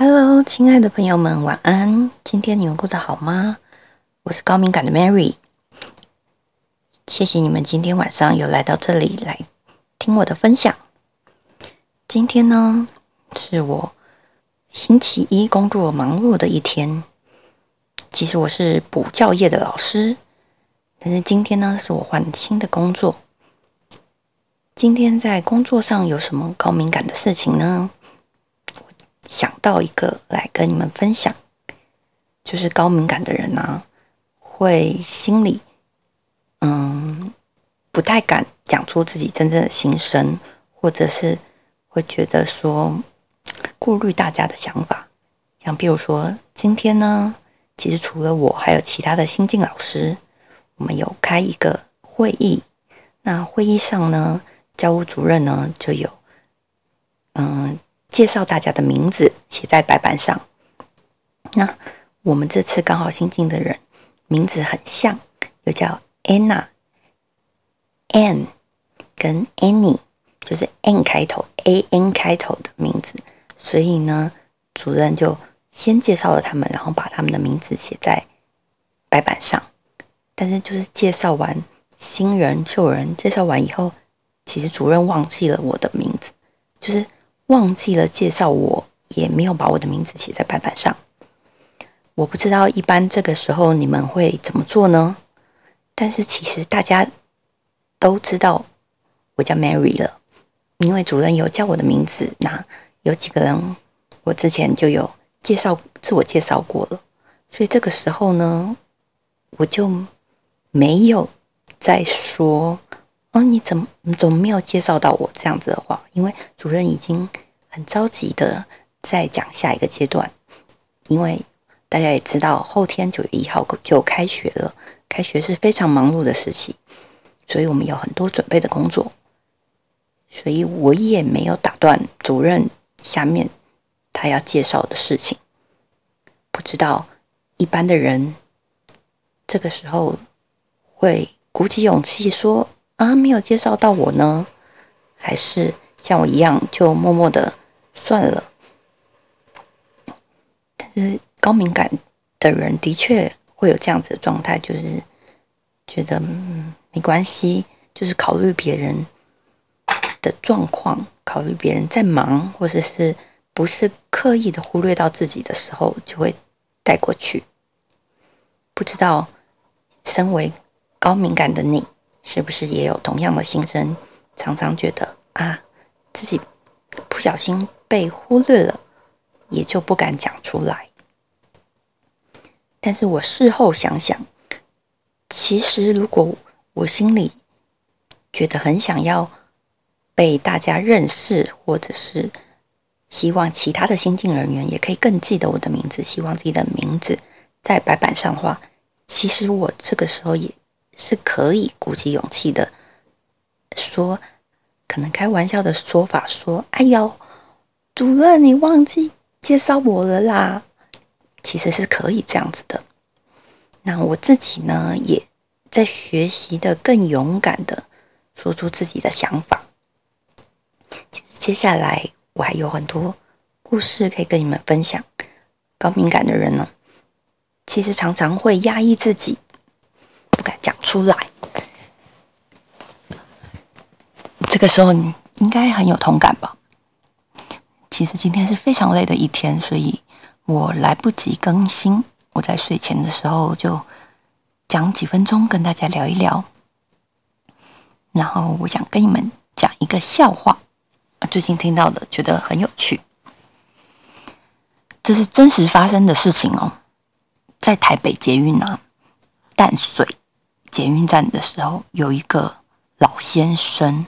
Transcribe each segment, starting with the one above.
Hello，親愛的朋友們，晚安！今天你們過得好嗎？我是高敏感的 Mary。謝謝你們今天晚上有來到這裡來聽我的分享。今天呢，是我星期一工作忙碌的一天。其實我是補教業的老師，但是今天呢，是我換新的工作。今天在工作上有什麼高敏感的事情呢？到一個來跟你們分享，就是高敏感的人呢、啊，會心裡嗯不太敢講出自己真正的心聲，或者是會覺得說顧慮大家的想法。像比如說今天呢，其實除了我，還有其他的新進老師，我們有開一個會議，那會議上呢，教務主任呢就有嗯。介紹大家的名字寫在白板上。那我們這次剛好新進的人名字很像，又叫 Anna，Ann 跟 Annie 就是 N 開頭，AN 開頭的名字。所以呢，主任就先介紹了他們，然後把他們的名字寫在白板上。但是就是介紹完新人舊人介紹完以後，其實主任忘記了我的名字，就是。忘記了介紹我，我也沒有把我的名字寫在白板上。我不知道一般這個時候你們會怎麼做呢？但是其實大家都知道我叫 Mary 了，因為主任有叫我的名字。那有幾個人，我之前就有介紹，自我介紹過了，所以這個時候呢，我就沒有再說。哦，你怎麼，你怎麼沒有介紹到我這樣子的話？因為主任已經很着急的在講下一個階段，因為大家也知道後天九月一號就開學了，開學是非常忙碌的時期，所以我們有很多準備的工作，所以我也沒有打斷主任下面他要介紹的事情。不知道一般的人這個時候會鼓起勇氣說。啊，沒有介紹到我呢？還是像我一樣就默默的算了。但是高敏感的人的確會有這樣子的狀態，就是覺得嗯沒關係，就是考慮別人的狀況，考慮別人在忙或者是不是刻意的忽略到自己的時候，就會帶過去。不知道身為高敏感的你，是不是也有同樣的心聲？常常覺得啊，自己不小心被忽略了，也就不敢講出來。但是我事後想想，其實如果我心裡覺得很想要被大家認識，或者是希望其他的新進人員也可以更記得我的名字，希望自己的名字在白板上的話，其實我這個時候也。是可以鼓起勇氣的說，可能開玩笑的說法說：“哎呦，主任，你忘記介紹我了啦！”其實是可以這樣子的。那我自己呢，也在學習的更勇敢的說出自己的想法。其實接下來我還有很多故事可以跟你們分享。高敏感的人呢、哦，其實常常會壓抑自己。講出來，這個時候你應該很有同感吧？其實今天是非常累的一天，所以我來不及更新。我在睡前的時候就講幾分鐘，跟大家聊一聊。然後我想跟你們講一個笑話，最近聽到的覺得很有趣。這是真實發生的事情哦，在台北捷運啊，淡水，捷運站的時候，有一個老先生，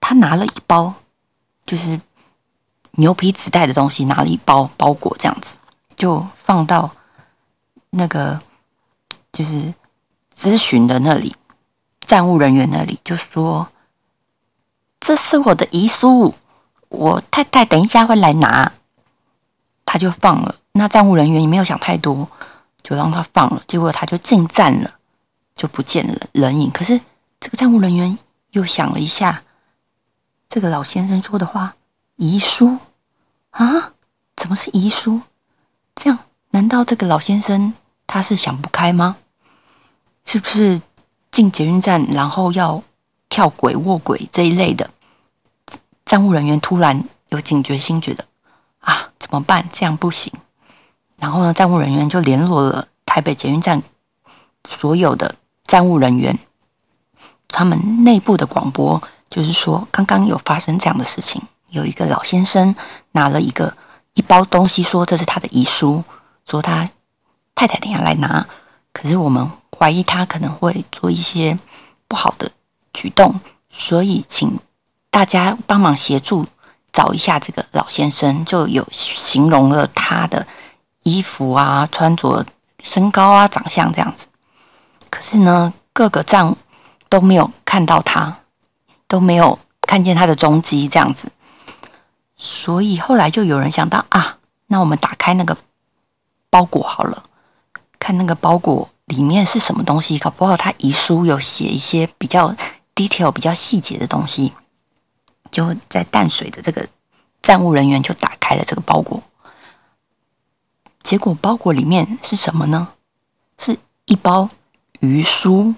他拿了一包，就是牛皮紙袋的東西，拿了一包包裹這樣子，就放到那個就是諮詢的那裡，站務人員那裡，就說這是我的遺書，我太太等一下會來拿，他就放了。那站務人員也沒有想太多，就讓他放了。結果他就進站了。就不見了人影，可是這個站務人員又想了一下，這個老先生說的話，遺書啊？怎麼是遺書？這樣，難道這個老先生他是想不開嗎？是不是進捷運站，然後要跳軌、臥軌這一類的？站務人員突然有警覺心，覺得啊，怎麼辦？這樣不行。然後呢，站務人員就聯絡了台北捷運站所有的。站務人員，他們內部的廣播就是說，剛剛有發生這樣的事情，有一個老先生拿了一個一包東西，說這是他的遺書，說他太太等下來拿，可是我們懷疑他可能會做一些不好的舉動，所以請大家幫忙協助找一下這個老先生，就有形容了他的衣服啊、穿着、身高啊、長相這樣子。可是呢，各個站都沒有看到他，都沒有看見他的蹤跡，這樣子。所以後來就有人想到啊，那我們打開那個包裹好了，看那個包裹裡面是什麼東西。搞不好他遺書有寫一些比較 detail、比較細節的東西。就在淡水的這個站務人員就打開了這個包裹，結果包裹裡面是什麼呢？是一包。魚酥，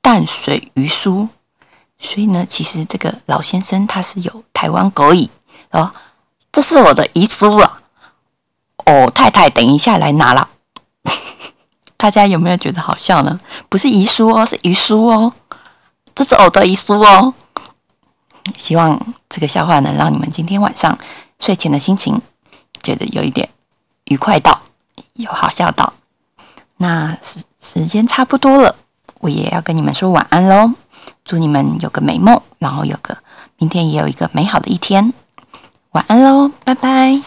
淡水魚酥。所以呢，其實這個老先生他是有台灣狗語哦。這是我的遺書啊。哦，太太，等一下來拿了。 大家有沒有覺得好笑呢？不是遺書哦，是魚酥哦。這是我的遺書哦。希望這個笑話能讓你們今天晚上睡前的心情覺得有一點愉快到，有好笑到。那是。時間差不多了，我也要跟你們說晚安嘍。祝你們有個美夢，然後有個明天，也有一個美好的一天。晚安嘍，拜拜。